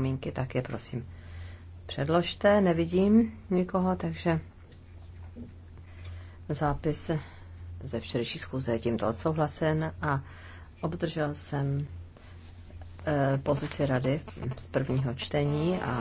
připomínky, tak je prosím předložte. Nevidím nikoho, takže zápis ze včerejší schůze je tímto odsouhlasen a obdržel jsem eh, pozici rady z prvního čtení a